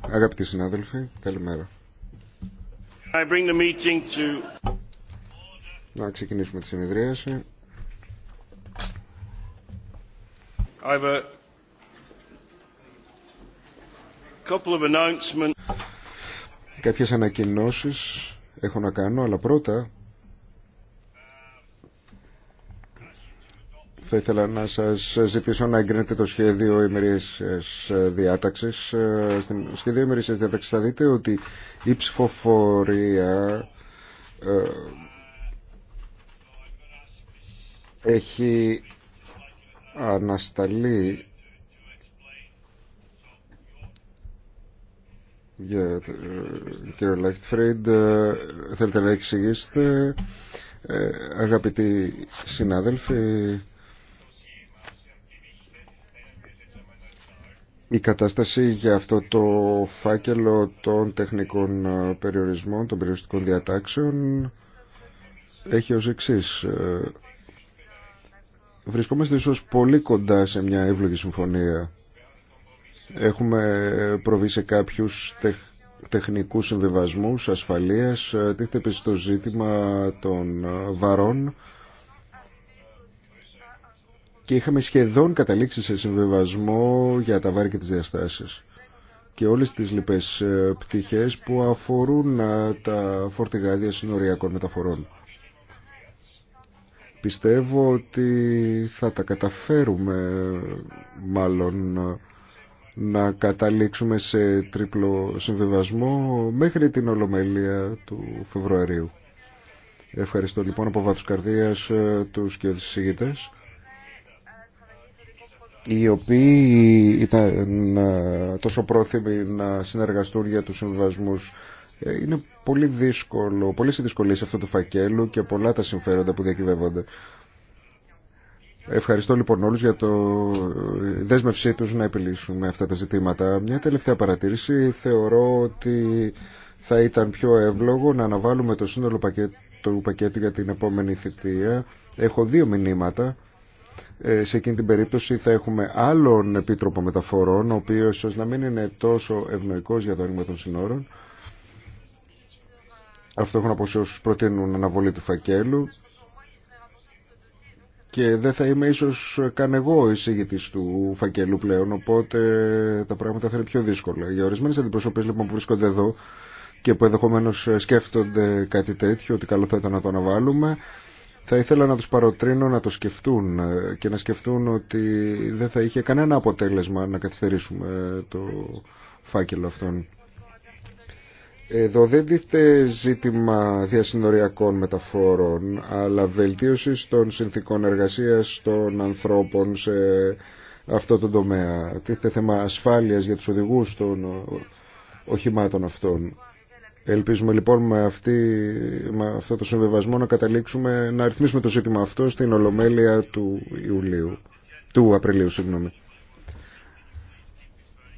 Αγαπητοί συνάδελφοι, καλημέρα. Να ξεκινήσουμε τη συνεδρίαση. Κάποιε Κάποιες ανακοινώσεις έχω να κάνω, αλλά πρώτα Θα ήθελα να σας ζητήσω να εγκρίνετε το σχέδιο ημερήσιας διάταξης. Ε, στην σχέδιο ημερήσιας διάταξης θα δείτε ότι η ψηφοφορία ε, έχει ανασταλεί για ε, κύριο θέλετε να εξηγήσετε αγαπητοί συνάδελφοι Η κατάσταση για αυτό το φάκελο των τεχνικών ε, περιορισμών, των περιοριστικών διατάξεων έχει ως εξής. Ε, βρισκόμαστε ίσως πολύ κοντά σε μια εύλογη συμφωνία. Έχουμε προβεί σε κάποιους τεχ... τεχνικούς συμβιβασμούς ασφαλείας. Ε, τίθεται το ζήτημα των βαρών και είχαμε σχεδόν καταλήξει σε συμβιβασμό για τα βάρη και τις διαστάσεις και όλες τις λοιπές ε, πτυχές που αφορούν ε, τα φορτηγάδια συνοριακών μεταφορών. Πιστεύω ότι θα τα καταφέρουμε μάλλον να καταλήξουμε σε τρίπλο συμβιβασμό μέχρι την Ολομέλεια του Φεβρουαρίου. Ευχαριστώ λοιπόν από βάθος καρδίας ε, τους και οι οποίοι ήταν ε, τόσο πρόθυμοι να συνεργαστούν για τους συμβασμούς. Ε, είναι πολύ δύσκολο, πολύ οι δυσκολίες αυτό το φακέλου και πολλά τα συμφέροντα που διακυβεύονται. Ευχαριστώ λοιπόν όλους για το ε, δέσμευσή τους να επιλύσουμε αυτά τα ζητήματα. Μια τελευταία παρατήρηση. Θεωρώ ότι θα ήταν πιο εύλογο να αναβάλουμε το σύνολο πακέτο του πακέτου για την επόμενη θητεία. Έχω δύο μηνύματα. Ε, σε εκείνη την περίπτωση θα έχουμε άλλον επίτροπο μεταφορών, ο οποίο ίσω να μην είναι τόσο ευνοικό για το άνοιγμα των συνόρων. Αυτό έχουν να πω προτείνουν αναβολή του φακέλου. Και δεν θα είμαι ίσω καν εγώ εισηγητή του φακέλου πλέον, οπότε τα πράγματα θα είναι πιο δύσκολα. Για ορισμένε αντιπροσωπές λοιπόν που βρίσκονται εδώ και που ενδεχομένω σκέφτονται κάτι τέτοιο, ότι καλό θα ήταν να το αναβάλουμε, θα ήθελα να τους παροτρύνω να το σκεφτούν ε, και να σκεφτούν ότι δεν θα είχε κανένα αποτέλεσμα να καθυστερήσουμε ε, το φάκελο αυτόν. Εδώ δεν ζήτημα διασυνοριακών μεταφόρων, αλλά βελτίωση των συνθήκων εργασίας των ανθρώπων σε αυτό το τομέα. Τίθεται θέμα ασφάλειας για τους οδηγούς των οχημάτων αυτών. Ελπίζουμε λοιπόν με, αυτή, αυτό το συμβεβασμό να καταλήξουμε να αριθμίσουμε το ζήτημα αυτό στην Ολομέλεια του, Ιουλίου, του Απριλίου. Συγγνώμη.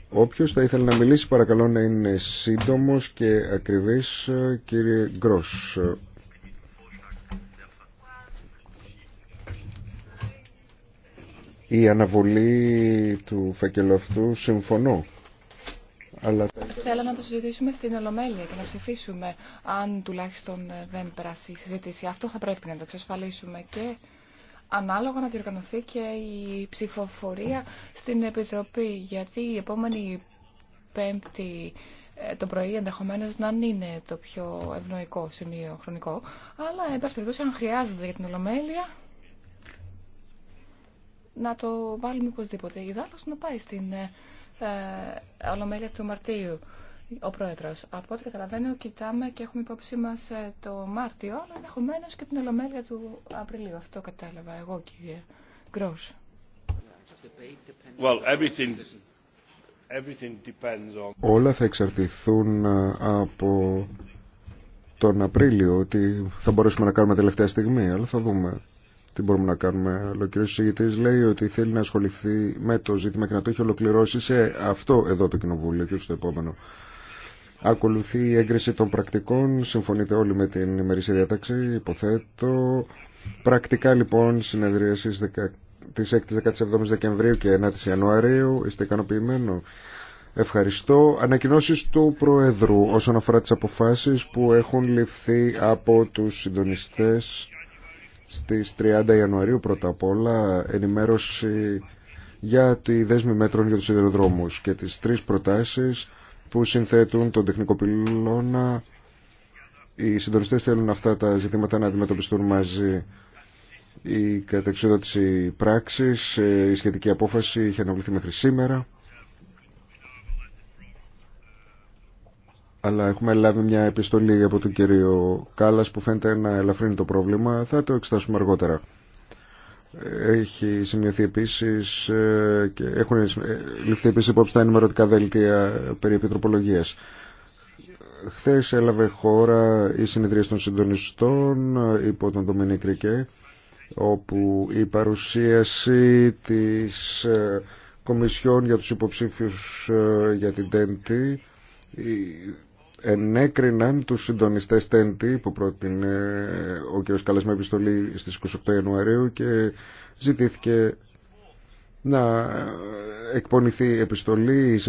Όποιος θα ήθελε να μιλήσει παρακαλώ να είναι σύντομος και ακριβής κύριε Γκρός. Η αναβολή του φακελού συμφωνώ αλλά Θέλω να το συζητήσουμε στην Ολομέλεια και να ψηφίσουμε αν τουλάχιστον δεν περάσει η συζήτηση. Αυτό θα πρέπει να το εξασφαλίσουμε και ανάλογα να διοργανωθεί και η ψηφοφορία στην Επιτροπή γιατί η επόμενη Πέμπτη ε, το πρωί ενδεχομένω να είναι το πιο ευνοϊκό σημείο χρονικό. Αλλά, εν πάση περιπτώσει, αν χρειάζεται για την Ολομέλεια, να το βάλουμε οπωσδήποτε. να πάει στην ε, ε, ολομέλεια του Μαρτίου ο πρόεδρο. Από ό,τι καταλαβαίνω, κοιτάμε και έχουμε υπόψη μας ε, το Μάρτιο, αλλά ενδεχομένω και την ολομέλεια του Απριλίου. Αυτό κατάλαβα εγώ, κύριε Γκρό. Well, everything, everything on... Όλα θα εξαρτηθούν ε, από τον Απρίλιο, ότι θα μπορέσουμε να κάνουμε τελευταία στιγμή, αλλά θα δούμε τι μπορούμε να κάνουμε. Ο κύριο Συγητή λέει ότι θέλει να ασχοληθεί με το ζήτημα και να το έχει ολοκληρώσει σε αυτό εδώ το κοινοβούλιο και στο επόμενο. Ακολουθεί η έγκριση των πρακτικών. Συμφωνείτε όλοι με την ημερήσια διάταξη, υποθέτω. Πρακτικά λοιπόν συνεδρία στι 6 17 Δεκεμβρίου και 9η Ιανουαρίου. Είστε ικανοποιημένο. Ευχαριστώ. Ανακοινώσει του Προεδρού όσον αφορά τι αποφάσει που έχουν ληφθεί από του συντονιστέ στις 30 Ιανουαρίου πρώτα απ' όλα ενημέρωση για τη δέσμη μέτρων για τους σιδηροδρόμους και τις τρεις προτάσεις που συνθέτουν τον τεχνικό πυλώνα. Οι συντονιστές θέλουν αυτά τα ζητήματα να αντιμετωπιστούν μαζί. Η κατεξοδότηση πράξης, ε, η σχετική απόφαση είχε αναβληθεί μέχρι σήμερα. αλλά έχουμε λάβει μια επιστολή από τον κύριο Κάλλας που φαίνεται να ελαφρύνει το πρόβλημα. Θα το εξετάσουμε αργότερα. Έχει σημειωθεί επίσης ε, και έχουν ε, ληφθεί επίσης υπόψη τα ενημερωτικά δελτία περί επιτροπολογίας. Χθες έλαβε χώρα η συνεδρία των συντονιστών ε, υπό τον Δομινή όπου η παρουσίαση της Κομισιόν για τους υποψήφιους για την Τέντη ενέκριναν τους συντονιστές τέντη που πρότεινε ο κ. Καλές με επιστολή στις 28 Ιανουαρίου και ζητήθηκε να εκπονηθεί επιστολή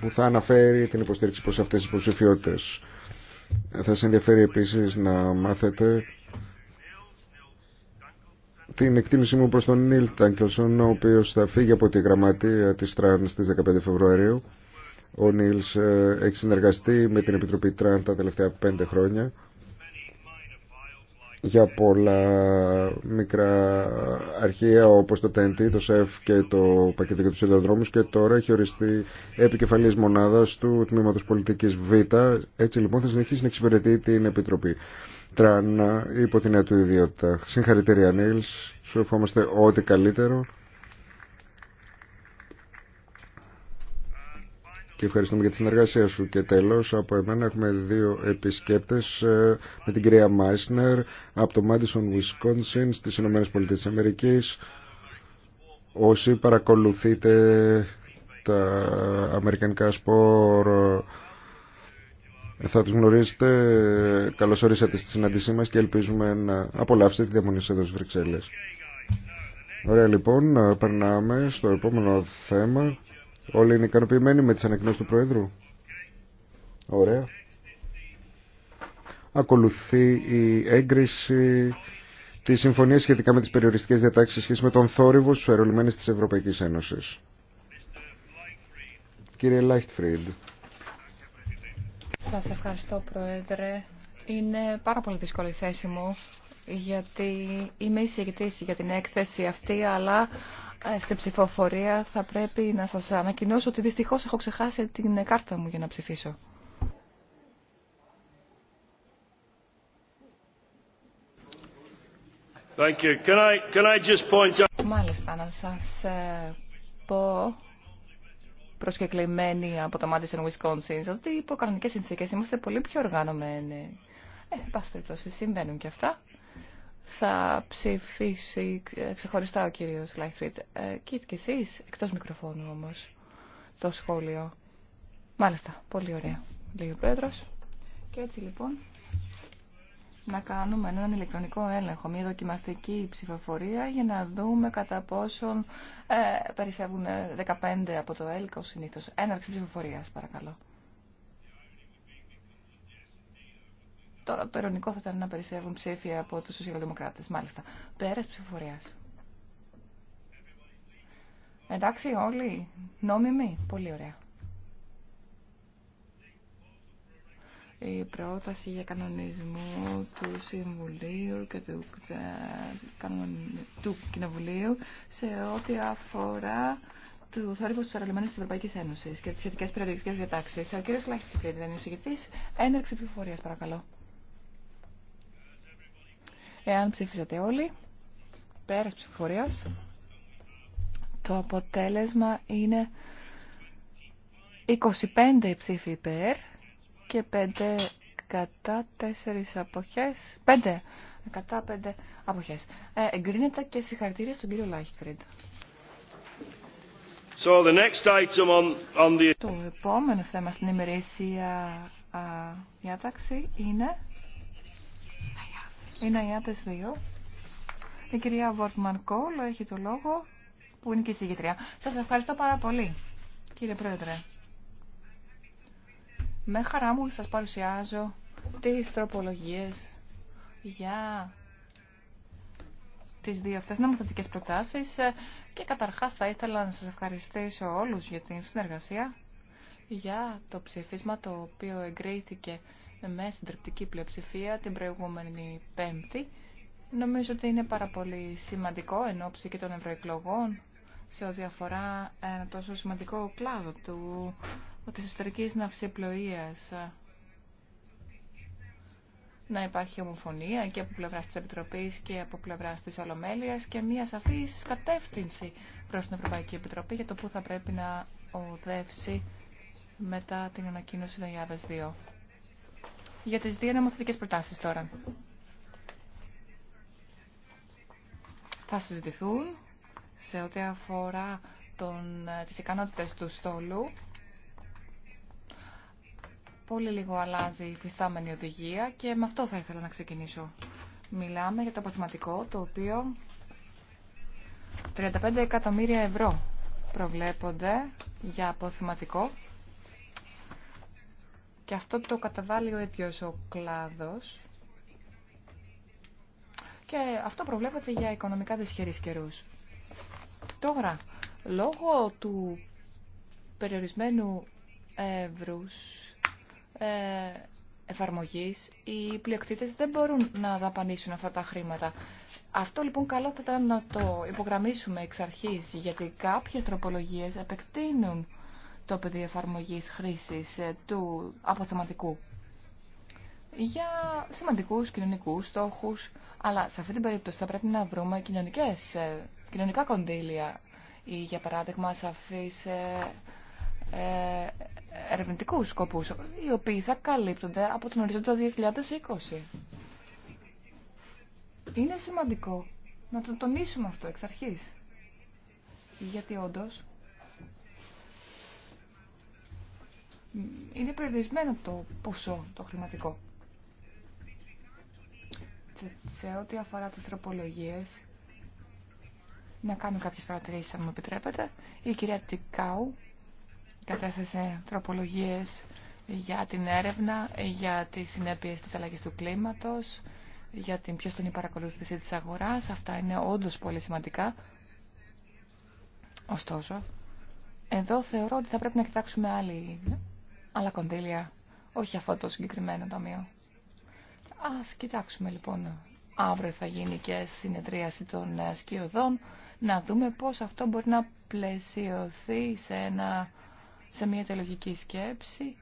που θα αναφέρει την υποστήριξη προς αυτές τις υποψηφιότητε. Θα σας ενδιαφέρει επίσης να μάθετε την εκτίμησή μου προς τον Νίλ Τάνκελσον ο οποίο θα φύγει από τη γραμματεία της Τραν στις 15 Φεβρουαρίου ο Νίλς ε, έχει συνεργαστεί με την Επιτροπή Τραν τα τελευταία πέντε χρόνια για πολλά μικρά αρχεία όπως το TNT, το ΣΕΦ και το πακέτο για τους σιδηροδρόμους και τώρα έχει οριστεί επικεφαλής μονάδας του Τμήματος Πολιτικής Β. Έτσι λοιπόν θα συνεχίσει να εξυπηρετεί την Επιτροπή. Τραν υπό την νέα του ιδιότητα. Συγχαρητήρια Νίλς, σου ευχόμαστε ό,τι καλύτερο. ευχαριστούμε για τη συνεργασία σου. Και τέλος, από εμένα έχουμε δύο επισκέπτες ε, με την κυρία Μάισνερ από το Madison, Wisconsin στις Αμερικής. Όσοι παρακολουθείτε τα αμερικανικά σπορ θα τους γνωρίζετε. Καλώς ορίσατε στη συναντήσή μας και ελπίζουμε να απολαύσετε τη διαμονή σας εδώ στις Βρυξέλλες. Ωραία λοιπόν, περνάμε στο επόμενο θέμα Όλοι είναι ικανοποιημένοι με τις ανακοινώσεις του Προέδρου. Ωραία. Ακολουθεί η έγκριση της συμφωνίας σχετικά με τις περιοριστικές διατάξεις σχέση με τον θόρυβο στους αερολιμένες της Ευρωπαϊκής Ένωσης. Κύριε Λάιχτφριντ. Σας ευχαριστώ Πρόεδρε. Είναι πάρα πολύ δύσκολη θέση μου γιατί είμαι εισηγητής για την έκθεση αυτή, αλλά ε, στην ψηφοφορία θα πρέπει να σας ανακοινώσω ότι δυστυχώς έχω ξεχάσει την κάρτα μου για να ψηφίσω. Μάλιστα, να σας ε, πω προσκεκλημένοι από το Madison, Wisconsin, ότι υπό κανονικές συνθήκες είμαστε πολύ πιο οργανωμένοι. Ε, πάση περιπτώσει, συμβαίνουν και αυτά θα ψηφίσει ξεχωριστά ο κύριος Λάιχτριτ. Ε, Κοίτα και εσείς, εκτός μικροφώνου όμως, το σχόλιο. Μάλιστα, πολύ ωραία, λέει ο Πρόεδρος. Και έτσι λοιπόν, να κάνουμε έναν ηλεκτρονικό έλεγχο, μια δοκιμαστική ψηφοφορία για να δούμε κατά πόσον ε, περισσεύουν 15 ε, από το έλκο, συνήθως. Έναρξη ψηφοφορίας, παρακαλώ. Τώρα το ειρωνικό θα ήταν να περισσεύουν ψήφια από τους σοσιαλδημοκράτες, μάλιστα. Πέρας ψηφοφορίας. Εντάξει, όλοι νόμιμοι. Πολύ ωραία. η πρόταση για κανονισμό του Συμβουλίου και του, ε, του Κοινοβουλίου σε ό,τι αφορά του θόρυβου στους αερολεμένες τη Ευρωπαϊκή Ένωση και τι σχετικέ περιοριστικέ διατάξει. Ο κ. Λάχης δεν είναι εισηγητής. Έναρξη παρακαλώ. Εάν ψήφισατε όλοι, πέρας ψηφοφορίας, το αποτέλεσμα είναι 25 ψήφοι υπέρ και 5 κατά 4 αποχές, 5 κατά 5 αποχές. Ε, εγκρίνεται και συγχαρητήρια στον κύριο Λάχτφριντ. So the... Το επόμενο θέμα στην ημερήσια διάταξη είναι είναι οι άντρες δύο. Η κυρία Βόρτμαν Κόλ έχει το λόγο που είναι και η συγγετρία. Σας ευχαριστώ πάρα πολύ, κύριε Πρόεδρε. Με χαρά μου σας παρουσιάζω τις τροπολογίες για τις δύο αυτές νομοθετικές προτάσεις και καταρχάς θα ήθελα να σας ευχαριστήσω όλους για την συνεργασία για το ψηφίσμα το οποίο εγκρίθηκε με συντριπτική πλειοψηφία την προηγούμενη Πέμπτη. Νομίζω ότι είναι πάρα πολύ σημαντικό εν ώψη και των ευρωεκλογών σε ό,τι αφορά ένα τόσο σημαντικό κλάδο του, της ιστορικής ναυσιπλοείας. Να υπάρχει ομοφωνία και από πλευράς της Επιτροπής και από πλευράς της Ολομέλειας και μια σαφής κατεύθυνση προς την Ευρωπαϊκή Επιτροπή για το που θα πρέπει να οδεύσει μετά την ανακοίνωση 2002. Για τις δύο νομοθετικές προτάσεις τώρα. Θα συζητηθούν σε ό,τι αφορά τον, τις ικανότητες του στόλου. Πολύ λίγο αλλάζει η φυστάμενη οδηγία και με αυτό θα ήθελα να ξεκινήσω. Μιλάμε για το αποθηματικό το οποίο 35 εκατομμύρια ευρώ προβλέπονται για αποθηματικό και αυτό το καταβάλει ο ίδιος ο κλάδος. Και αυτό προβλέπεται για οικονομικά δυσχερείς καιρούς. Τώρα, λόγω του περιορισμένου εύρους ε, εφαρμογής, οι πλειοκτήτες δεν μπορούν να δαπανίσουν αυτά τα χρήματα. Αυτό λοιπόν καλό θα ήταν να το υπογραμμίσουμε εξ αρχής, γιατί κάποιες τροπολογίες επεκτείνουν το πεδίο εφαρμογή χρήση ε, του αποθεματικού για σημαντικούς κοινωνικούς στόχους, αλλά σε αυτή την περίπτωση θα πρέπει να βρούμε κοινωνικές, ε, κοινωνικά κονδύλια ή για παράδειγμα σαφείς ε, ε, ερευνητικούς σκοπούς, οι οποίοι θα καλύπτονται από τον ορίζοντα 2020. Είναι σημαντικό να τον τονίσουμε αυτό εξ αρχής, γιατί όντως είναι περιορισμένο το ποσό, το χρηματικό. Σε, ό,τι αφορά τις τροπολογίες, να κάνω κάποιες παρατηρήσεις αν μου επιτρέπετε. Η κυρία Τικάου κατέθεσε τροπολογίες για την έρευνα, για τις συνέπειες της αλλαγής του κλίματος, για την πιο στενή παρακολούθηση της αγοράς. Αυτά είναι όντως πολύ σημαντικά. Ωστόσο, εδώ θεωρώ ότι θα πρέπει να κοιτάξουμε άλλη άλλα κονδύλια, όχι αυτό το συγκεκριμένο ταμείο. Ας κοιτάξουμε λοιπόν, αύριο θα γίνει και συνεδρίαση των ε, σκιωδών, να δούμε πώς αυτό μπορεί να πλαισιωθεί σε, μια τελογική σκέψη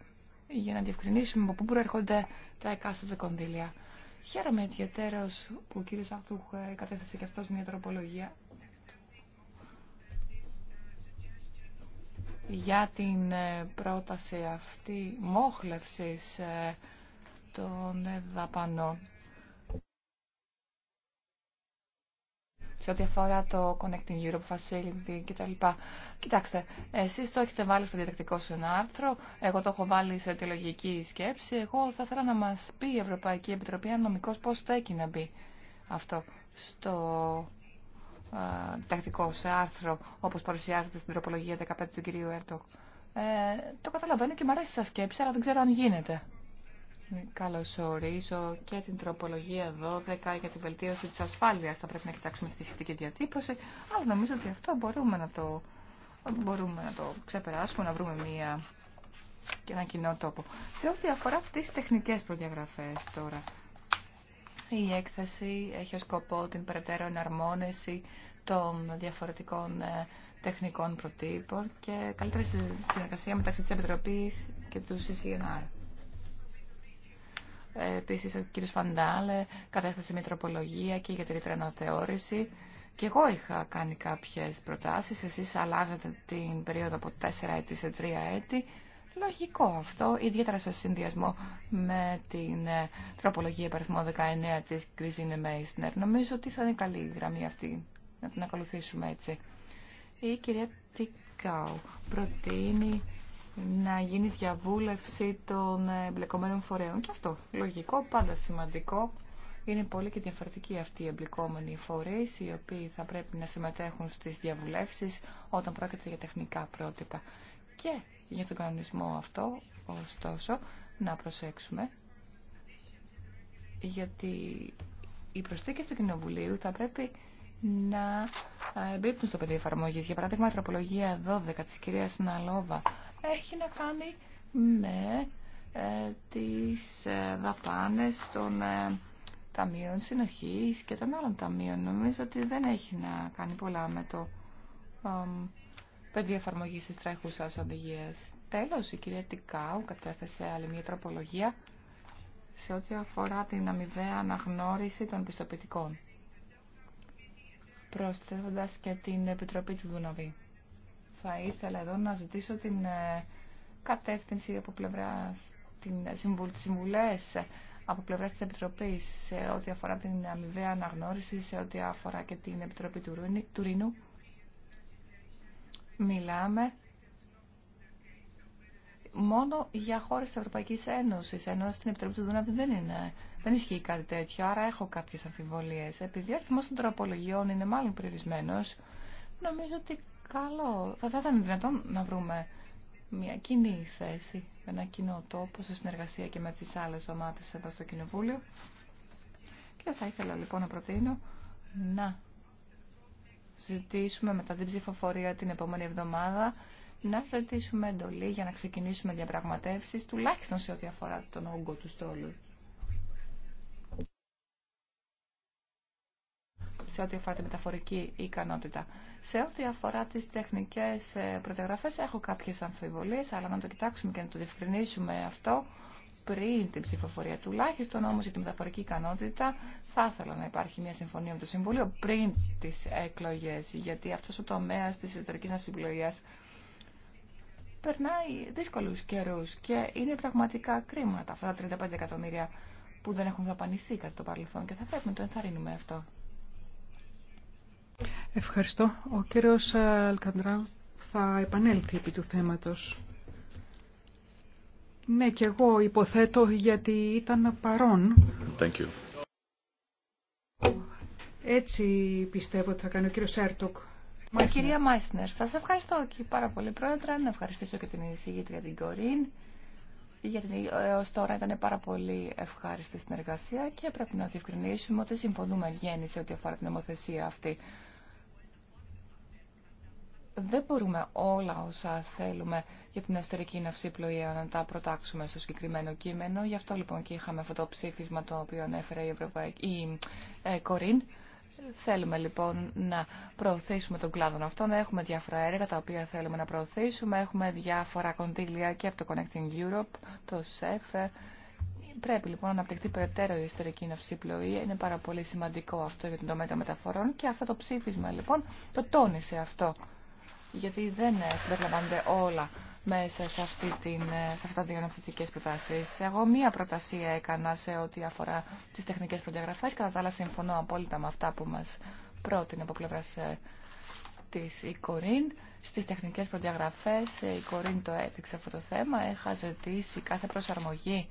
για να διευκρινίσουμε από πού προέρχονται τα εκάστοτε κονδύλια. Χαίρομαι ιδιαίτερω που ο κύριος Αρτούχ ε, κατέθεσε και αυτός μια τροπολογία για την ε, πρόταση αυτή μόχλευσης ε, των δαπανών. σε ό,τι αφορά το Connecting Europe Facility κτλ. Κοιτάξτε, εσεί το έχετε βάλει στο διατακτικό σου ένα άρθρο, εγώ το έχω βάλει σε αιτιολογική σκέψη. Εγώ θα ήθελα να μα πει η Ευρωπαϊκή Επιτροπή αν νομικώ πώ θα έχει να μπει αυτό στο ε, τακτικό σε άρθρο, όπως παρουσιάζεται στην τροπολογία 15 του κυρίου Έρτοκ. Ε, το καταλαβαίνω και μου αρέσει σαν σκέψη, αλλά δεν ξέρω αν γίνεται. Καλωσορίζω και την τροπολογία 12 για την βελτίωση της ασφάλειας. Θα πρέπει να κοιτάξουμε τη σχετική διατύπωση, αλλά νομίζω ότι αυτό μπορούμε να το, μπορούμε να το ξεπεράσουμε, να βρούμε μία και ένα κοινό τόπο. Σε ό,τι αφορά τις τεχνικές προδιαγραφές τώρα, η έκθεση έχει ως σκοπό την περαιτέρω εναρμόνεση των διαφορετικών ε, τεχνικών προτύπων και καλύτερη συνεργασία μεταξύ της Επιτροπής και του CCNR. Ε, Επίση, ο κ. Φαντάλε κατέθεσε μια τροπολογία και για τη ρήτρα αναθεώρηση. Και εγώ είχα κάνει κάποιες προτάσεις. Εσείς αλλάζετε την περίοδο από 4 έτη σε 3 έτη. Λογικό αυτό, ιδιαίτερα σε συνδυασμό με την ε, τροπολογία υπαριθμό 19 της Κριζίνε Μέισνερ. Νομίζω ότι θα είναι καλή η γραμμή αυτή, να την ακολουθήσουμε έτσι. Η κυρία Τικάου προτείνει να γίνει διαβούλευση των εμπλεκομένων φορέων. Και αυτό, λογικό, πάντα σημαντικό. Είναι πολύ και διαφορετικοί αυτοί οι εμπλεκόμενοι φορεί, οι οποίοι θα πρέπει να συμμετέχουν στις διαβουλεύσεις όταν πρόκειται για τεχνικά πρότυπα. Και για τον κανονισμό αυτό, ωστόσο, να προσέξουμε, γιατί οι προσθήκες του Κοινοβουλίου θα πρέπει να ε, εμπίπτουν στο πεδίο εφαρμογής. Για παράδειγμα, η τροπολογία 12 της κυρίας Ναλόβα έχει να κάνει με ε, τις ε, δαπάνες των ε, ταμείων συνοχής και των άλλων ταμείων. Νομίζω ότι δεν έχει να κάνει πολλά με το πέντε εφαρμογή τη τρέχουσα οδηγία. Τέλο, η κυρία Τικάου κατέθεσε άλλη μια τροπολογία σε ό,τι αφορά την αμοιβαία αναγνώριση των πιστοποιητικών, προσθέτοντα και την Επιτροπή του Δουναβή. Θα ήθελα εδώ να ζητήσω την ε, κατεύθυνση από πλευρά ε, συμβουλέ από πλευρά τη Επιτροπή σε ό,τι αφορά την αμοιβαία αναγνώριση, σε ό,τι αφορά και την Επιτροπή του Ρήνου μιλάμε μόνο για χώρε τη Ευρωπαϊκή Ένωση. Ενώ στην Επιτροπή του Δούναβη δεν, είναι, δεν ισχύει κάτι τέτοιο, άρα έχω κάποιε αμφιβολίε. Επειδή ο αριθμό των τροπολογιών είναι μάλλον περιορισμένο, νομίζω ότι καλό. Θα, θα ήταν δυνατόν να βρούμε μια κοινή θέση, ένα κοινό τόπο σε συνεργασία και με τι άλλε ομάδε εδώ στο Κοινοβούλιο. Και θα ήθελα λοιπόν να προτείνω να ζητήσουμε μετά την ψηφοφορία την επόμενη εβδομάδα να ζητήσουμε εντολή για να ξεκινήσουμε διαπραγματεύσεις, τουλάχιστον σε ό,τι αφορά τον όγκο του στόλου. σε ό,τι αφορά τη μεταφορική ικανότητα. Σε ό,τι αφορά τις τεχνικές ε, προδιαγραφές έχω κάποιες αμφιβολίες, αλλά να το κοιτάξουμε και να το διευκρινίσουμε αυτό πριν την ψηφοφορία. Τουλάχιστον όμω για τη μεταφορική ικανότητα θα ήθελα να υπάρχει μια συμφωνία με το Συμβούλιο πριν τι εκλογέ. γιατί αυτό ο τομέα τη ιστορικής ναυσιπλογίας περνάει δύσκολου καιρού. και είναι πραγματικά κρίματα αυτά τα 35 εκατομμύρια που δεν έχουν δαπανηθεί κατά το παρελθόν και θα πρέπει να το ενθαρρύνουμε αυτό. Ευχαριστώ. Ο κύριος Αλκαντράου θα επανέλθει επί του θέματος. Ναι, και εγώ υποθέτω γιατί ήταν παρόν. Thank you. Έτσι πιστεύω ότι θα κάνει ο κύριος Σέρτοκ. Ε, κυρία Μάισνερ, σας ευχαριστώ και πάρα πολύ πρόεδρα. Να ευχαριστήσω και την εισηγήτρια την Κορίν. Γιατί έω ε, τώρα ήταν πάρα πολύ ευχάριστη συνεργασία και πρέπει να διευκρινίσουμε ότι συμφωνούμε γέννη σε ό,τι αφορά την νομοθεσία αυτή δεν μπορούμε όλα όσα θέλουμε για την εσωτερική πλοία να τα προτάξουμε στο συγκεκριμένο κείμενο. Γι' αυτό λοιπόν και είχαμε αυτό το ψήφισμα το οποίο ανέφερε η, Ευρωπαϊκή, η ε, Κορίν. Θέλουμε λοιπόν να προωθήσουμε τον κλάδο να Έχουμε διάφορα έργα τα οποία θέλουμε να προωθήσουμε. Έχουμε διάφορα κονδύλια και από το Connecting Europe, το ΣΕΦ. Πρέπει λοιπόν να αναπτυχθεί περαιτέρω η ιστορική πλοία. Είναι πάρα πολύ σημαντικό αυτό για την τομέα μεταφορών και αυτό το ψήφισμα λοιπόν το τόνισε αυτό γιατί δεν ε, συμπεριλαμβάνονται όλα μέσα σε, αυτή την, ε, σε αυτά τα δύο προτάσει. Εγώ μία προτασία έκανα σε ό,τι αφορά τι τεχνικέ προδιαγραφέ. Κατά τα άλλα, συμφωνώ απόλυτα με αυτά που μα πρότεινε από πλευρά ε, τη Κορίν. Στι τεχνικέ προδιαγραφέ, η Κορίν το έδειξε αυτό το θέμα. Έχα ζητήσει κάθε προσαρμογή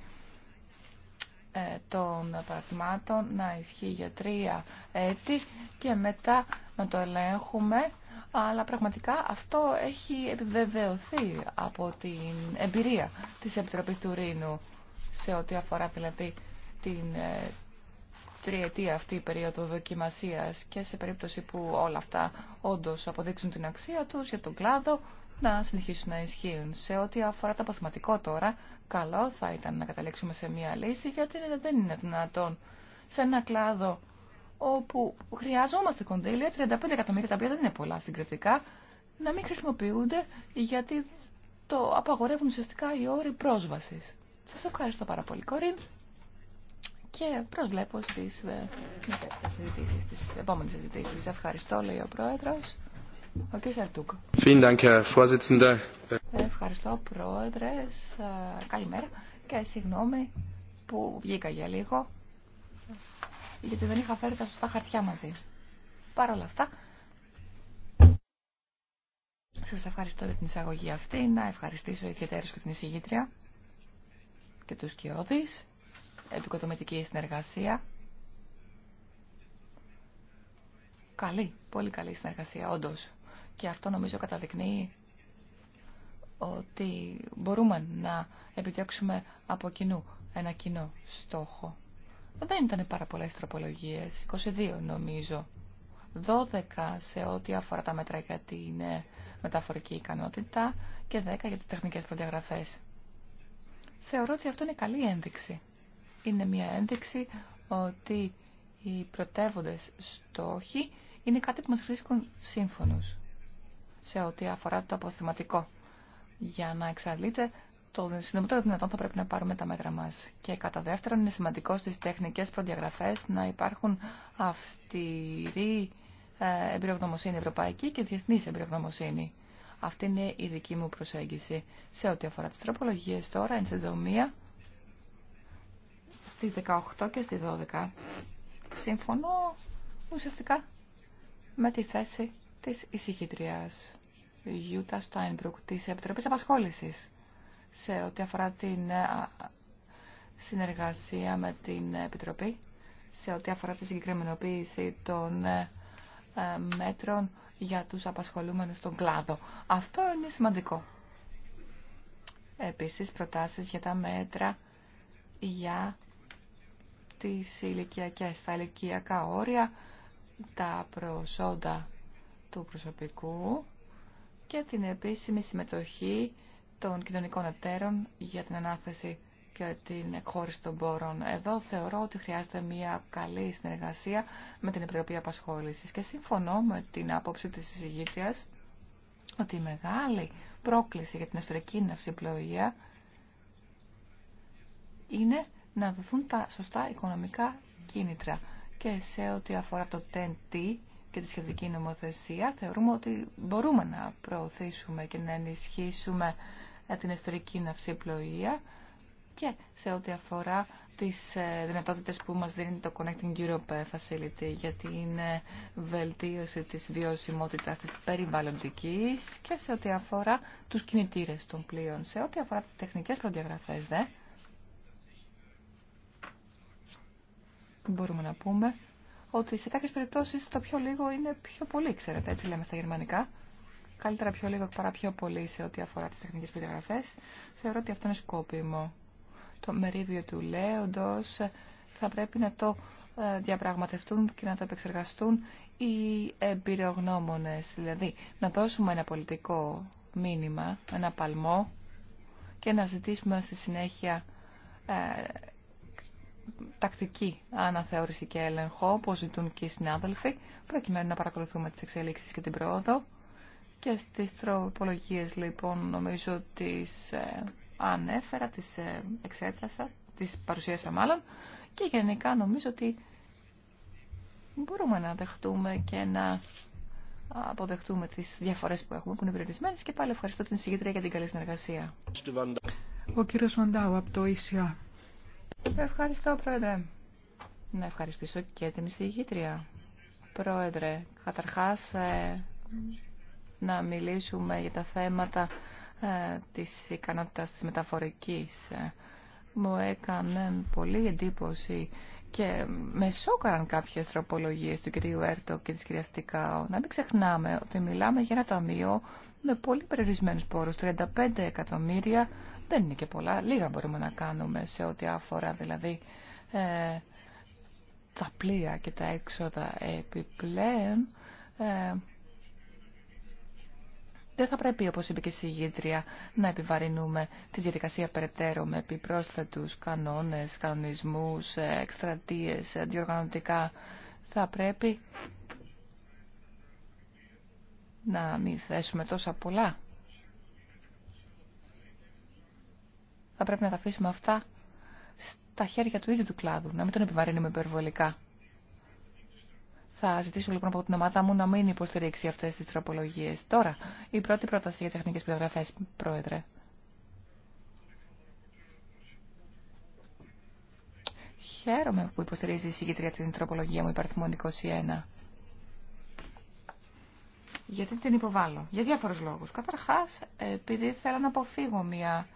των παρατημάτων να ισχύει για τρία έτη και μετά να το ελέγχουμε αλλά πραγματικά αυτό έχει επιβεβαιωθεί από την εμπειρία της Επιτροπής του Ρήνου σε ό,τι αφορά δηλαδή την ε, τριετία αυτή η περίοδο δοκιμασίας και σε περίπτωση που όλα αυτά όντως αποδείξουν την αξία τους για τον κλάδο να συνεχίσουν να ισχύουν. Σε ό,τι αφορά το αποθηματικό τώρα, καλό θα ήταν να καταλήξουμε σε μία λύση γιατί δεν είναι δυνατόν σε ένα κλάδο όπου χρειαζόμαστε κονδύλια, 35 εκατομμύρια, τα οποία δεν είναι πολλά συγκριτικά, να μην χρησιμοποιούνται γιατί το απαγορεύουν ουσιαστικά οι όροι πρόσβασης. Σας ευχαριστώ πάρα πολύ, Κορίν. Και προσβλέπω στις ε, συζητήσεις, στις επόμενες συζητήσεις. Ευχαριστώ, λέει ο Πρόεδρος. Ο κ. Σαρτούκ. Ευχαριστώ, Πρόεδρε. Καλημέρα και συγγνώμη που βγήκα για λίγο γιατί δεν είχα φέρει τα σωστά χαρτιά μαζί. Παρ' όλα αυτά, σας ευχαριστώ για την εισαγωγή αυτή, να ευχαριστήσω ιδιαίτερα και την εισηγήτρια και τους κοιόδης, επικοδομητική συνεργασία. Καλή, πολύ καλή συνεργασία, όντως. Και αυτό νομίζω καταδεικνύει ότι μπορούμε να επιδιώξουμε από κοινού ένα κοινό στόχο δεν ήταν πάρα πολλέ τροπολογίε. 22 νομίζω. 12 σε ό,τι αφορά τα μέτρα για την ε, μεταφορική ικανότητα και 10 για τι τεχνικέ προδιαγραφέ. Θεωρώ ότι αυτό είναι καλή ένδειξη. Είναι μια ένδειξη ότι οι πρωτεύοντες στόχοι είναι κάτι που μας βρίσκουν σύμφωνος σε ό,τι αφορά το αποθεματικό για να εξαλείται το συντομότερο δυνατόν θα πρέπει να πάρουμε τα μέτρα μα Και κατά δεύτερον είναι σημαντικό στι τεχνικέ προδιαγραφέ να υπάρχουν αυστηρή ε, εμπειρογνωμοσύνη ευρωπαϊκή και διεθνή εμπειρογνωμοσύνη. Αυτή είναι η δική μου προσέγγιση σε ό,τι αφορά τι τροπολογίε τώρα, εν συντομία, στις 18 και στις 12. σύμφωνο ουσιαστικά με τη θέση της εισηγητριάς Γιούτα Στάινμπρουκ της Επιτροπής Απασχόλησης σε ό,τι αφορά την ε, συνεργασία με την Επιτροπή, σε ό,τι αφορά τη συγκεκριμενοποίηση των ε, ε, μέτρων για τους απασχολούμενους στον κλάδο. Αυτό είναι σημαντικό. Επίσης, προτάσεις για τα μέτρα για τις ηλικιακές, τα ηλικιακά όρια, τα προσόντα του προσωπικού και την επίσημη συμμετοχή των κοινωνικών εταίρων για την ανάθεση και την εκχώρηση των πόρων. Εδώ θεωρώ ότι χρειάζεται μια καλή συνεργασία με την Επιτροπή απασχόληση. και συμφωνώ με την άποψη τη συζήτηση ότι η μεγάλη πρόκληση για την ιστορική ναυσιπλοεία είναι να δοθούν τα σωστά οικονομικά κίνητρα. Και σε ό,τι αφορά το TNT και τη σχετική νομοθεσία, θεωρούμε ότι μπορούμε να προωθήσουμε και να ενισχύσουμε για την ιστορική ναυσιπλοεία και σε ό,τι αφορά τις ε, δυνατότητες που μας δίνει το Connecting Europe Facility για την βελτίωση της βιωσιμότητας της περιβαλλοντικής και σε ό,τι αφορά τους κινητήρες των πλοίων. Σε ό,τι αφορά τις τεχνικές προδιαγραφές, δε, μπορούμε να πούμε ότι σε κάποιες περιπτώσεις το πιο λίγο είναι πιο πολύ, ξέρετε, έτσι λέμε στα γερμανικά καλύτερα πιο λίγο παρά πιο πολύ σε ό,τι αφορά τις τεχνικές περιγραφές, θεωρώ ότι αυτό είναι σκόπιμο. Το μερίδιο του λέοντος θα πρέπει να το ε, διαπραγματευτούν και να το επεξεργαστούν οι εμπειρογνώμονες. Δηλαδή, να δώσουμε ένα πολιτικό μήνυμα, ένα παλμό και να ζητήσουμε στη συνέχεια ε, τακτική αναθεώρηση και έλεγχο, όπως ζητούν και οι συνάδελφοι, προκειμένου να παρακολουθούμε τις εξελίξεις και την πρόοδο και στις τροπολογίες λοιπόν νομίζω τις ε, ανέφερα, τις ε, εξέτασα, τις παρουσίασα μάλλον και γενικά νομίζω ότι μπορούμε να δεχτούμε και να αποδεχτούμε τις διαφορές που έχουμε που είναι περιορισμένες και πάλι ευχαριστώ την συγκεκριά για την καλή συνεργασία. Ο κύριος Βαντάου από το ΙΣΙΑ. Ευχαριστώ πρόεδρε. Να ευχαριστήσω και την εισηγήτρια. Πρόεδρε, καταρχάς ε, να μιλήσουμε για τα θέματα ε, της ικανότητας της μεταφορικής. Ε, μου έκανε πολύ εντύπωση και με σόκαραν κάποιες τροπολογίες του κυρίου Έρτο και της κυρίας Τικάου. Να μην ξεχνάμε ότι μιλάμε για ένα ταμείο με πολύ περιορισμένους πόρους, 35 εκατομμύρια, δεν είναι και πολλά, λίγα μπορούμε να κάνουμε σε ό,τι αφορά δηλαδή ε, τα πλοία και τα έξοδα επιπλέον. Ε, δεν θα πρέπει, όπως είπε και η συγγήτρια, να επιβαρυνούμε τη διαδικασία περαιτέρω με επιπρόσθετους κανόνες, κανονισμούς, εκστρατείες, διοργανωτικά. Θα πρέπει να μην θέσουμε τόσα πολλά. Θα πρέπει να τα αφήσουμε αυτά στα χέρια του ίδιου του κλάδου, να μην τον επιβαρύνουμε υπερβολικά. Θα ζητήσω λοιπόν από την ομάδα μου να μην υποστηρίξει αυτές τις τροπολογίε. Τώρα, η πρώτη πρόταση για τεχνικές πληρογραφέ, Πρόεδρε. Χαίρομαι που υποστηρίζει η συγκεκριά την τροπολογία μου ή 21. Γιατί την υποβάλλω. Για διάφορους λόγους. Καταρχάς, επειδή θέλω να αποφύγω μια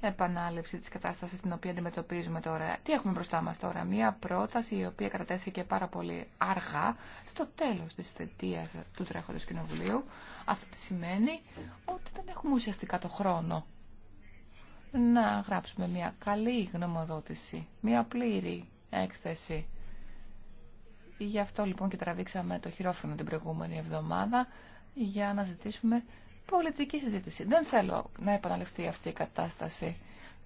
επανάληψη της κατάστασης την οποία αντιμετωπίζουμε τώρα. Τι έχουμε μπροστά μας τώρα. Μία πρόταση η οποία κατατέθηκε πάρα πολύ αργά στο τέλος της θετίας του τρέχοντος κοινοβουλίου. Αυτό τι σημαίνει ότι δεν έχουμε ουσιαστικά το χρόνο να γράψουμε μια καλή γνωμοδότηση, μια πλήρη της θετια Γι' αυτό λοιπόν και τραβήξαμε το χειρόφωνο την προηγούμενη εβδομάδα για να ζητήσουμε πολιτική συζήτηση. Δεν θέλω να επαναληφθεί αυτή η κατάσταση.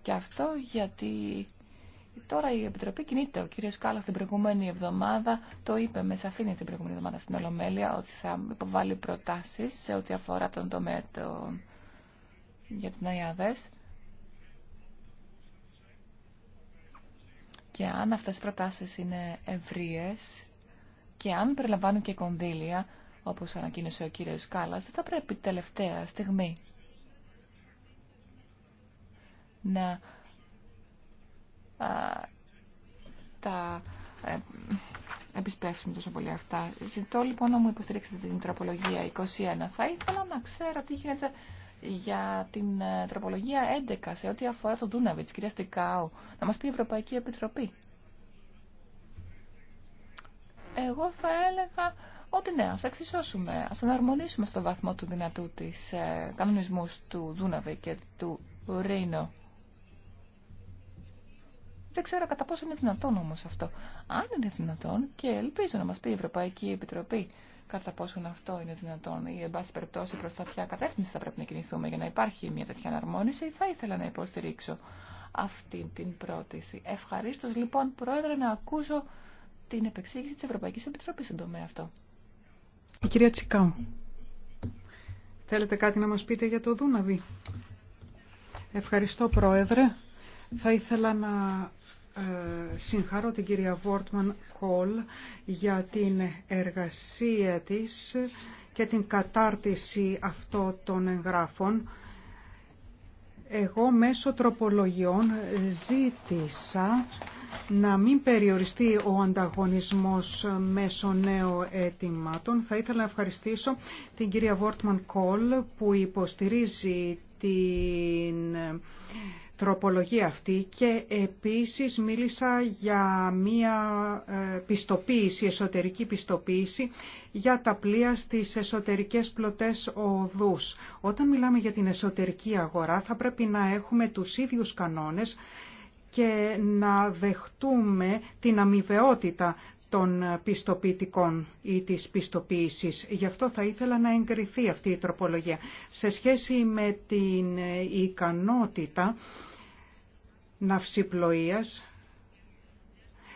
Και αυτό γιατί τώρα η Επιτροπή κινείται. Ο κύριος Κάλλα την προηγούμενη εβδομάδα το είπε με σαφήνεια την προηγούμενη εβδομάδα στην Ολομέλεια ότι θα υποβάλει προτάσεις σε ό,τι αφορά τον τομέα των... για τις ναϊάδες. Και αν αυτές οι προτάσεις είναι ευρείες και αν περιλαμβάνουν και κονδύλια, όπως ανακοίνωσε ο κύριος Κάλλας, δεν θα πρέπει τελευταία στιγμή να τα ε, επισπεύσουμε τόσο πολύ αυτά. Ζητώ λοιπόν να μου υποστηρίξετε την τροπολογία 21. Θα ήθελα να ξέρω τι γίνεται για την ε, τροπολογία 11 σε ό,τι αφορά τον Ντούναβιτς, κυρία Στικάου, να μας πει η Ευρωπαϊκή Επιτροπή. Εγώ θα έλεγα ότι ναι, ας εξισώσουμε, ας αναρμονίσουμε στο βαθμό του δυνατού της ε, κανονισμούς του Δούναβη και του Ρήνο. Δεν ξέρω κατά πόσο είναι δυνατόν όμως αυτό. Αν είναι δυνατόν και ελπίζω να μας πει η Ευρωπαϊκή Επιτροπή κατά πόσο αυτό είναι δυνατόν ή εν πάση περιπτώσει προς τα ποια κατεύθυνση θα πρέπει να κινηθούμε για να υπάρχει μια τέτοια αναρμόνιση, θα ήθελα να υποστηρίξω αυτή την πρόταση. Ευχαρίστως λοιπόν Πρόεδρε να ακούσω την επεξήγηση της Ευρωπαϊκής Επιτροπής στον τομέα αυτό. Η κυρία Τσικάου. Θέλετε κάτι να μας πείτε για το Δούναβι. Ευχαριστώ Πρόεδρε. Θα ήθελα να ε, συγχαρώ την κυρία Βόρτμαν Κόλ για την εργασία της και την κατάρτιση αυτών των εγγράφων. Εγώ μέσω τροπολογιών ζήτησα να μην περιοριστεί ο ανταγωνισμός μέσω νέων αιτημάτων. Θα ήθελα να ευχαριστήσω την κυρία Βόρτμαν Κόλ που υποστηρίζει την τροπολογία αυτή και επίσης μίλησα για μία ε, πιστοποίηση, εσωτερική πιστοποίηση για τα πλοία στις εσωτερικές πλωτές οδούς. Όταν μιλάμε για την εσωτερική αγορά θα πρέπει να έχουμε τους ίδιους κανόνες και να δεχτούμε την αμοιβαιότητα των πιστοποιητικών ή της πιστοποίησης. Γι' αυτό θα ήθελα να εγκριθεί αυτή η τροπολογία. Σε σχέση με την ικανότητα ναυσιπλοείας,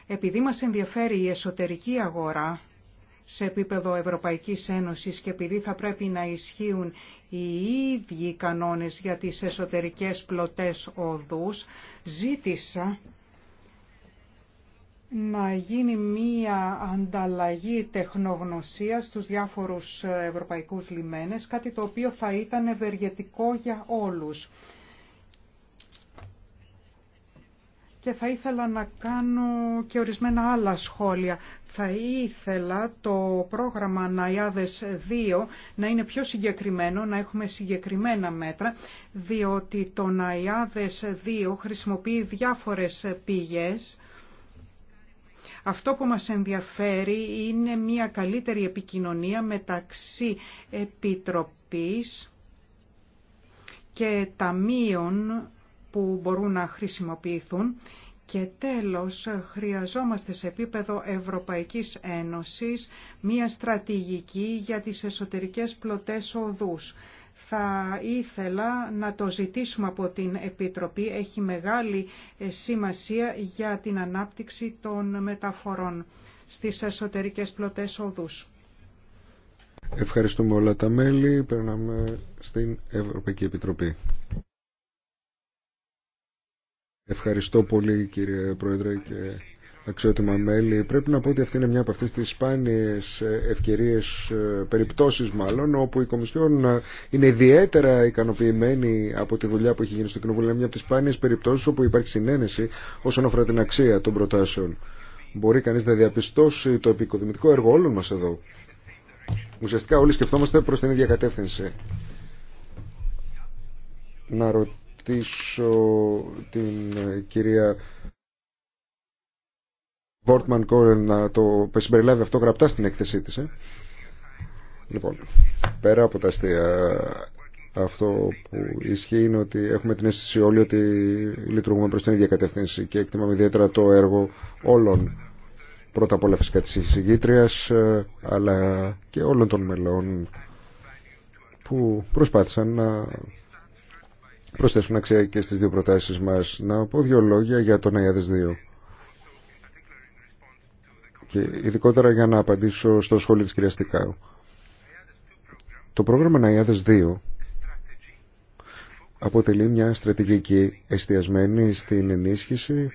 επειδή μας ενδιαφέρει η εσωτερική αγορά σε επίπεδο Ευρωπαϊκής Ένωσης και επειδή θα πρέπει να ισχύουν οι ίδιοι κανόνες για τις εσωτερικές πλωτές οδούς, ζήτησα να γίνει μία ανταλλαγή τεχνογνωσίας στους διάφορους ευρωπαϊκούς λιμένες, κάτι το οποίο θα ήταν ευεργετικό για όλους. και θα ήθελα να κάνω και ορισμένα άλλα σχόλια. Θα ήθελα το πρόγραμμα Ναϊάδες 2 να είναι πιο συγκεκριμένο, να έχουμε συγκεκριμένα μέτρα, διότι το Ναϊάδες 2 χρησιμοποιεί διάφορες πηγές. Αυτό που μας ενδιαφέρει είναι μια καλύτερη επικοινωνία μεταξύ Επιτροπής και Ταμείων που μπορούν να χρησιμοποιηθούν και τέλος, χρειαζόμαστε σε επίπεδο Ευρωπαϊκής Ένωσης μία στρατηγική για τις εσωτερικές πλωτές οδούς. Θα ήθελα να το ζητήσουμε από την Επιτροπή. Έχει μεγάλη ε, σημασία για την ανάπτυξη των μεταφορών στις εσωτερικές πλωτές οδούς. Ευχαριστούμε όλα τα μέλη. Περνάμε στην Ευρωπαϊκή Επιτροπή. Ευχαριστώ πολύ κύριε Πρόεδρε και αξιότιμα μέλη. Πρέπει να πω ότι αυτή είναι μια από αυτές τις σπάνιες ε, ευκαιρίες, ε, περιπτώσεις μάλλον, όπου η Κομισιόν ε, είναι ιδιαίτερα ικανοποιημένη από τη δουλειά που έχει γίνει στο Κοινοβούλιο. Είναι μια από τις σπάνιες περιπτώσεις όπου υπάρχει συνένεση όσον αφορά την αξία των προτάσεων. Μπορεί κανείς να διαπιστώσει το επικοδημητικό έργο όλων μας εδώ. Ουσιαστικά όλοι σκεφτόμαστε προς την ίδια κατεύθυνση ευχαριστήσω την ε, κυρία Βόρτμαν Κόρεν να το συμπεριλάβει αυτό γραπτά στην έκθεσή της. Ε. Λοιπόν, πέρα από τα αστεία, αυτό που ισχύει είναι ότι έχουμε την αίσθηση όλοι ότι λειτουργούμε προς την ίδια κατεύθυνση και εκτιμάμε ιδιαίτερα το έργο όλων. Πρώτα απ' όλα φυσικά της ε, αλλά και όλων των μελών που προσπάθησαν να προσθέσουν αξία και στις δύο προτάσεις μας. Να πω δύο λόγια για τον ΑΙΑΔΕΣ 2. Και ειδικότερα για να απαντήσω στο σχόλιο της κυρίας Τικάου. Το πρόγραμμα ΝΑΙΑΔΕΣ 2 αποτελεί μια στρατηγική εστιασμένη στην ενίσχυση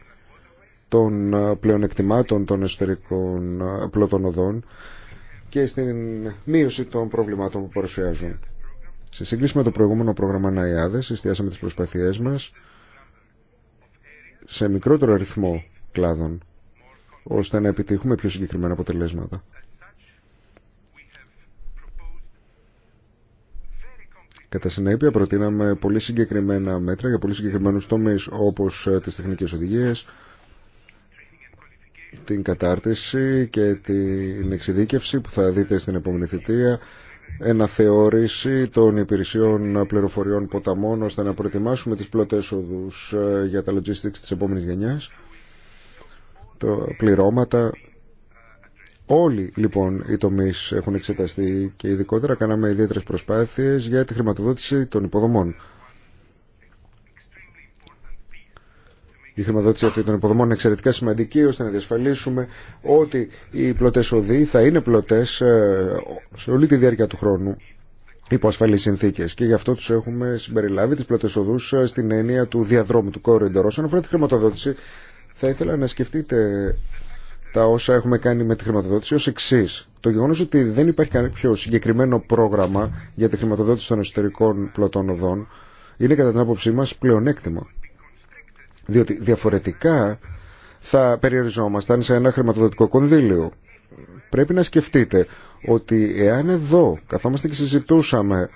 των πλεονεκτημάτων των εσωτερικών πλωτών οδών και στην μείωση των προβλημάτων που παρουσιάζουν. Σε σύγκριση με το προηγούμενο πρόγραμμα ΝΑΙΑΔΕΣ, εστιάσαμε τις προσπαθίες μας σε μικρότερο αριθμό κλάδων, ώστε να επιτύχουμε πιο συγκεκριμένα αποτελέσματα. Κατά συνέπεια προτείναμε πολύ συγκεκριμένα μέτρα για πολύ συγκεκριμένους τομείς όπως ε, τις τεχνικές οδηγίες, την κατάρτιση και την εξειδίκευση που θα δείτε στην επόμενη θητεία, εναθεώρηση των υπηρεσιών πληροφοριών ποταμών ώστε να προετοιμάσουμε τις πλωτές οδούς ε, για τα logistics της επόμενης γενιάς το πληρώματα Όλοι λοιπόν οι τομείς έχουν εξεταστεί και ειδικότερα κάναμε ιδιαίτερε προσπάθειες για τη χρηματοδότηση των υποδομών. η χρηματοδότηση αυτή των υποδομών είναι εξαιρετικά σημαντική ώστε να διασφαλίσουμε ότι οι πλωτέ οδοί θα είναι πλωτέ ε, σε όλη τη διάρκεια του χρόνου υπό ασφαλεί συνθήκε. και γι' αυτό του έχουμε συμπεριλάβει τι πλωτέ οδού ε, στην έννοια του διαδρόμου του corridor. Όσον αφορά τη χρηματοδότηση θα ήθελα να σκεφτείτε τα όσα έχουμε κάνει με τη χρηματοδότηση ω εξή. Το γεγονό ότι δεν υπάρχει κανένα πιο συγκεκριμένο πρόγραμμα για τη χρηματοδότηση των εσωτερικών πλωτών οδών είναι κατά την άποψή μα πλεονέκτημα. Διότι διαφορετικά θα περιοριζόμασταν σε ένα χρηματοδοτικό κονδύλιο. Πρέπει να σκεφτείτε ότι εάν εδώ καθόμαστε και συζητούσαμε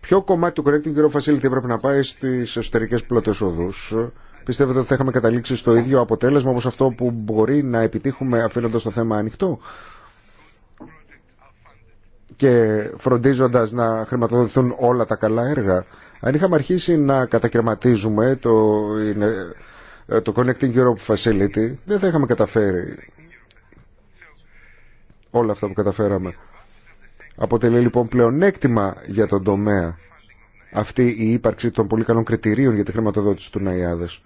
ποιο κομμάτι του Connecting Europe Facility έπρεπε να πάει στις εσωτερικές πλωτές οδούς, πιστεύετε ότι θα είχαμε καταλήξει στο ίδιο αποτέλεσμα όπως αυτό που μπορεί να επιτύχουμε αφήνοντας το θέμα ανοιχτό και φροντίζοντας να χρηματοδοτηθούν όλα τα καλά έργα. Αν είχαμε αρχίσει να κατακαιρματίζουμε το, το Connecting Europe Facility, δεν θα είχαμε καταφέρει όλα αυτά που καταφέραμε. Αποτελεί λοιπόν πλεονέκτημα για τον τομέα αυτή η ύπαρξη των πολύ καλών κριτηρίων για τη χρηματοδότηση του ΝΑΙΑΔΕΣ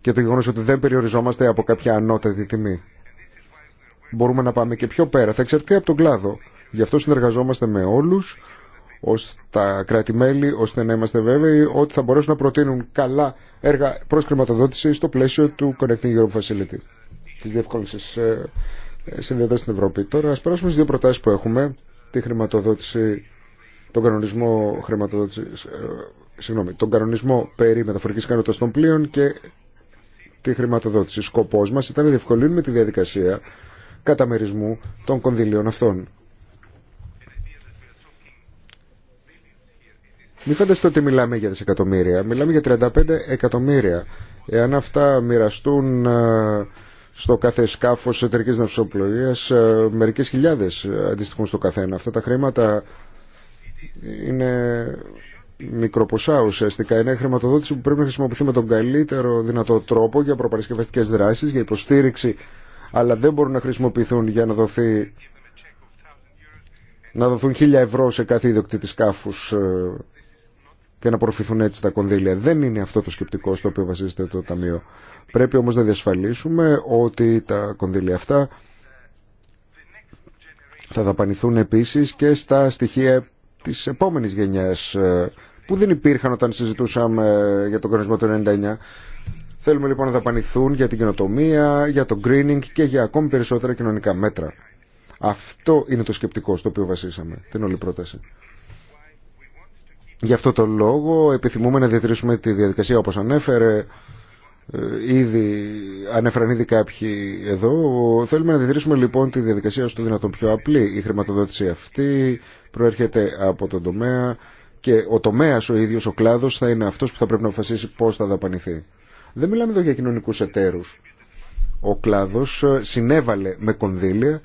και το γεγονό ότι δεν περιοριζόμαστε από κάποια ανώτατη τιμή μπορούμε να πάμε και πιο πέρα. Θα εξαρτηθεί από τον κλάδο. Γι' αυτό συνεργαζόμαστε με όλου τα κράτη-μέλη, ώστε να είμαστε βέβαιοι ότι θα μπορέσουν να προτείνουν καλά έργα προ χρηματοδότηση στο πλαίσιο του Connecting Europe Facility, τη διευκόλυνση ε, στην Ευρώπη. Τώρα, α περάσουμε στι δύο προτάσει που έχουμε, τη χρηματοδότηση, τον κανονισμό χρηματοδότησης, ε, συγγνώμη, τον κανονισμό περί μεταφορική ικανότητα των πλοίων και τη χρηματοδότηση. Σκοπό μα ήταν να διευκολύνουμε τη διαδικασία καταμερισμού των κονδυλίων αυτών. Μην φανταστείτε ότι μιλάμε για δισεκατομμύρια. Μιλάμε για 35 εκατομμύρια. Εάν αυτά μοιραστούν ε, στο κάθε σκάφο εταιρική ναυσοπλοεία, ε, μερικέ χιλιάδε ε, αντιστοιχούν στο καθένα. Αυτά τα χρήματα είναι μικροποσά ουσιαστικά. Είναι χρηματοδότηση που πρέπει να χρησιμοποιηθεί με τον καλύτερο δυνατό τρόπο για προπαρασκευαστικέ δράσει, για υποστήριξη αλλά δεν μπορούν να χρησιμοποιηθούν για να δοθεί να δοθούν χίλια ευρώ σε κάθε ιδιοκτήτη σκάφου ε, και να προφυθούν έτσι τα κονδύλια. Δεν είναι αυτό το σκεπτικό στο οποίο βασίζεται το Ταμείο. Πρέπει όμως να διασφαλίσουμε ότι τα κονδύλια αυτά θα δαπανηθούν επίσης και στα στοιχεία της επόμενης γενιάς ε, που δεν υπήρχαν όταν συζητούσαμε για τον κανονισμό του 99 Θέλουμε λοιπόν να δαπανηθούν για την καινοτομία, για το greening και για ακόμη περισσότερα κοινωνικά μέτρα. Αυτό είναι το σκεπτικό στο οποίο βασίσαμε την όλη πρόταση. Γι' αυτό το λόγο επιθυμούμε να διατηρήσουμε τη διαδικασία όπως ανέφερε ε, ήδη, ανέφεραν ήδη κάποιοι εδώ. Θέλουμε να διατηρήσουμε λοιπόν τη διαδικασία στο δυνατόν πιο απλή. Η χρηματοδότηση αυτή προέρχεται από τον τομέα και ο τομέας ο ίδιος, ο κλάδος θα είναι αυτός που θα πρέπει να αποφασίσει πώς θα δαπανηθεί. Δεν μιλάμε εδώ για κοινωνικούς εταίρους. Ο κλάδος ε, συνέβαλε με κονδύλια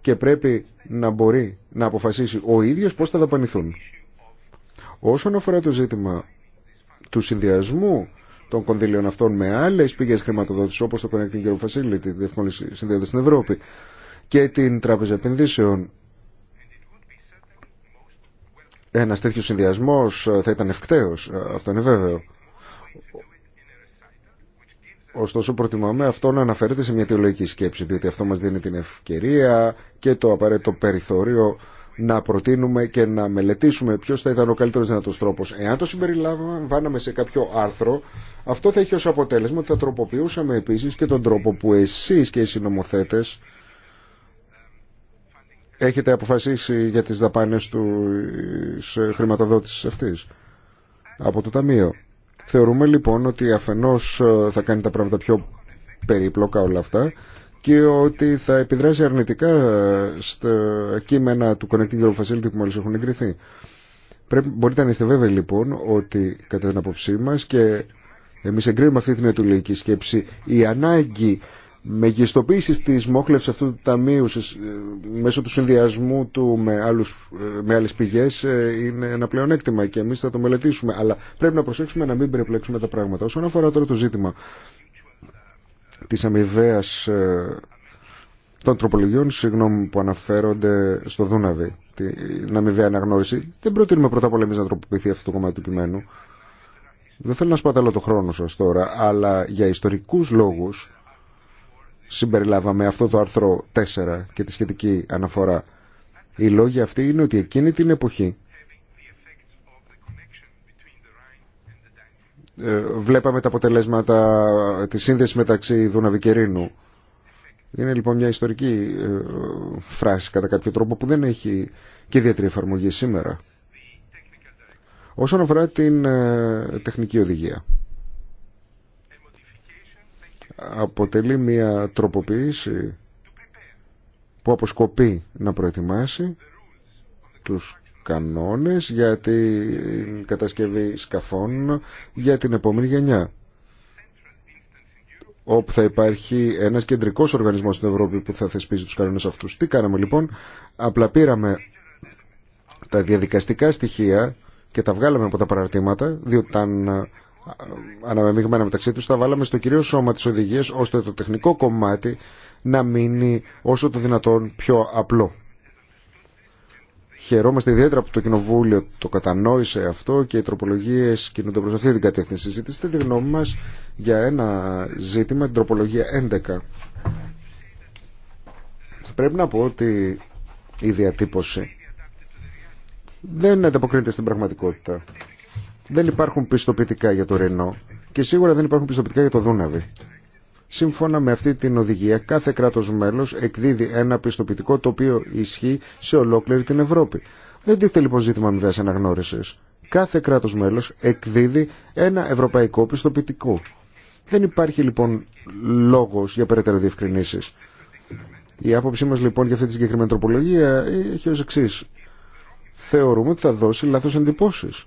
και πρέπει να μπορεί να αποφασίσει ο ίδιος πώς θα δαπανηθούν. Όσον αφορά το ζήτημα του συνδυασμού των κονδύλιων αυτών με άλλες πηγές χρηματοδότησης όπως το Connecting Europe Facility, τη διευκόλυνση συνδέοντα στην Ευρώπη και την Τράπεζα Επενδύσεων. ένας τέτοιο συνδυασμό ε, θα ήταν ευκταίος. Ε, αυτό είναι βέβαιο. Ωστόσο προτιμάμε αυτό να αναφέρεται σε μια θεολογική σκέψη, διότι αυτό μας δίνει την ευκαιρία και το απαραίτητο περιθώριο να προτείνουμε και να μελετήσουμε ποιο θα ήταν ο καλύτερο δυνατό τρόπο. Εάν το συμπεριλάβαμε σε κάποιο άρθρο, αυτό θα έχει ω αποτέλεσμα ότι θα τροποποιούσαμε επίση και τον τρόπο που εσεί και οι συνομοθέτε έχετε αποφασίσει για τι δαπάνε του ε, χρηματοδότηση αυτή από το Ταμείο. Θεωρούμε λοιπόν ότι αφενός ε, θα κάνει τα πράγματα πιο περίπλοκα όλα αυτά και ότι θα επιδράσει αρνητικά ε, στα κείμενα του Connecting Europe Facility που μόλις έχουν εγκριθεί. Πρέπει, μπορείτε να είστε βέβαιοι λοιπόν ότι κατά την απόψή μας και εμείς εγκρίνουμε αυτή την ετουλική σκέψη η ανάγκη μεγιστοποίηση τη μόχλευση αυτού του ταμείου ε, μέσω του συνδυασμού του με, άλλους, ε, με άλλες πηγές ε, είναι ένα πλεονέκτημα και εμείς θα το μελετήσουμε αλλά πρέπει να προσέξουμε να μην περιπλέξουμε τα πράγματα όσον αφορά τώρα το ζήτημα της αμοιβαίας των τροπολογιών που αναφέρονται στο Δούναβι, την αμοιβαία αναγνώριση δεν προτείνουμε πρώτα απ' όλα εμείς να τροποποιηθεί αυτό το κομμάτι του κειμένου δεν θέλω να σπαταλώ το χρόνο σας τώρα αλλά για ιστορικούς λόγους συμπεριλάβαμε αυτό το άρθρο 4 και τη σχετική αναφορά. Η λόγοι αυτή είναι ότι εκείνη την εποχή ε, βλέπαμε τα αποτελέσματα της σύνδεσης μεταξύ Δούναβη και Είναι λοιπόν μια ιστορική ε, φράση κατά κάποιο τρόπο που δεν έχει και ιδιαίτερη εφαρμογή σήμερα. Όσον αφορά την ε, τεχνική οδηγία αποτελεί μια τροποποίηση που αποσκοπεί να προετοιμάσει τους κανόνες για την κατασκευή σκαφών για την επόμενη γενιά όπου θα υπάρχει ένας κεντρικός οργανισμός στην Ευρώπη που θα θεσπίζει τους κανόνες αυτούς. Τι κάναμε λοιπόν, απλά πήραμε τα διαδικαστικά στοιχεία και τα βγάλαμε από τα παραρτήματα, διότι ήταν αναμεμειγμένα μεταξύ τους, τα βάλαμε στο κυρίως σώμα της οδηγίας, ώστε το τεχνικό κομμάτι να μείνει όσο το δυνατόν πιο απλό. Χαιρόμαστε ιδιαίτερα που το Κοινοβούλιο το κατανόησε αυτό και οι τροπολογίε κινούνται προ αυτή την κατεύθυνση. Ζητήστε τη γνώμη μα για ένα ζήτημα, την τροπολογία 11. Πρέπει να πω ότι η διατύπωση δεν ανταποκρίνεται στην πραγματικότητα δεν υπάρχουν πιστοποιητικά για το Ρενό και σίγουρα δεν υπάρχουν πιστοποιητικά για το δούναβη. Σύμφωνα με αυτή την οδηγία, κάθε κράτος μέλος εκδίδει ένα πιστοποιητικό το οποίο ισχύει σε ολόκληρη την Ευρώπη. Δεν τίθεται λοιπόν ζήτημα αμοιβαίας αναγνώρισης. Κάθε κράτος μέλος εκδίδει ένα ευρωπαϊκό πιστοποιητικό. Δεν υπάρχει λοιπόν λόγος για περαιτέρω διευκρινήσεις. Η άποψή μας λοιπόν για αυτή τη συγκεκριμένη τροπολογία έχει ως εξή. Θεωρούμε ότι θα δώσει λάθος εντυπώσεις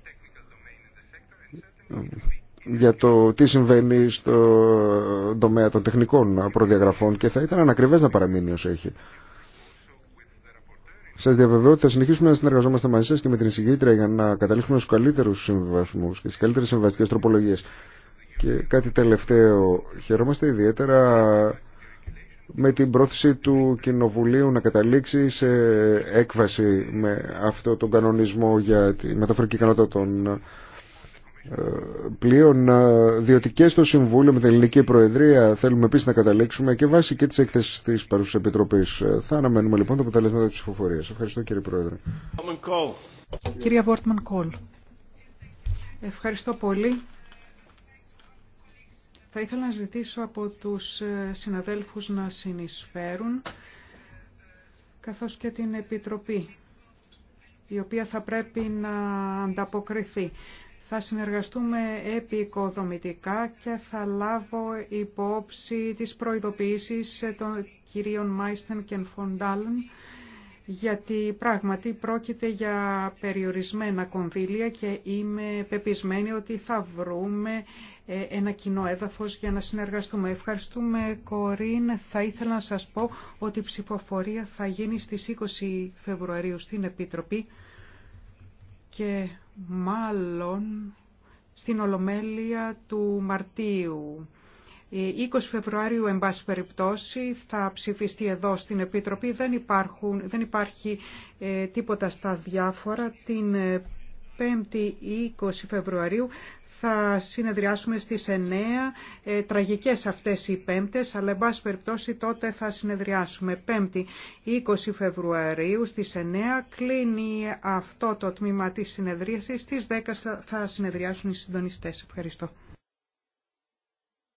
για το τι συμβαίνει στο τομέα των τεχνικών προδιαγραφών και θα ήταν ανακριβές να παραμείνει όσο έχει. Σα διαβεβαιώ ότι θα συνεχίσουμε να συνεργαζόμαστε μαζί σα και με την εισηγήτρια για να καταλήξουμε στου καλύτερου συμβιβασμού και στις καλύτερε συμβαστικέ τροπολογίε. Και κάτι τελευταίο. Χαιρόμαστε ιδιαίτερα με την πρόθεση του Κοινοβουλίου να καταλήξει σε έκβαση με αυτό τον κανονισμό για τη μεταφορική ικανότητα των πλέον ε, διότι και στο Συμβούλιο με την Ελληνική Προεδρία θέλουμε επίσης να καταλήξουμε και βάσει και τις έκθεσεις της παρούσα Επιτροπής. Ε, θα αναμένουμε λοιπόν τα αποτελέσματα της ψηφοφορίας. Ευχαριστώ κύριε Πρόεδρε. Κυρία Βόρτμαν Κόλ, ευχαριστώ πολύ. Θα ήθελα να ζητήσω από τους ε, συναδέλφους να συνεισφέρουν καθώς και την Επιτροπή η οποία θα πρέπει να ανταποκριθεί. Θα συνεργαστούμε επικοδομητικά και θα λάβω υπόψη τις προειδοποιήσεις των κυρίων Μάιστεν και Φοντάλεν γιατί πράγματι πρόκειται για περιορισμένα κονδύλια και είμαι πεπισμένη ότι θα βρούμε ε, ένα κοινό έδαφος για να συνεργαστούμε. Ευχαριστούμε Κορίν. Θα ήθελα να σας πω ότι η ψηφοφορία θα γίνει στις 20 Φεβρουαρίου στην Επίτροπη και μάλλον στην Ολομέλεια του Μαρτίου. 20 Φεβρουαρίου, εν πάση περιπτώσει, θα ψηφιστεί εδώ στην Επίτροπη. Δεν, υπάρχουν, δεν υπάρχει ε, τίποτα στα διάφορα. Την 5η ε, 20 Φεβρουαρίου θα συνεδριάσουμε στις 9, ε, τραγικές αυτές οι πέμπτες, αλλά εν πάση περιπτώσει τότε θα συνεδριάσουμε. Πέμπτη 20 Φεβρουαρίου στις 9 κλείνει αυτό το τμήμα της συνεδρίασης, στις 10 θα συνεδριάσουν οι συντονιστές. Ευχαριστώ.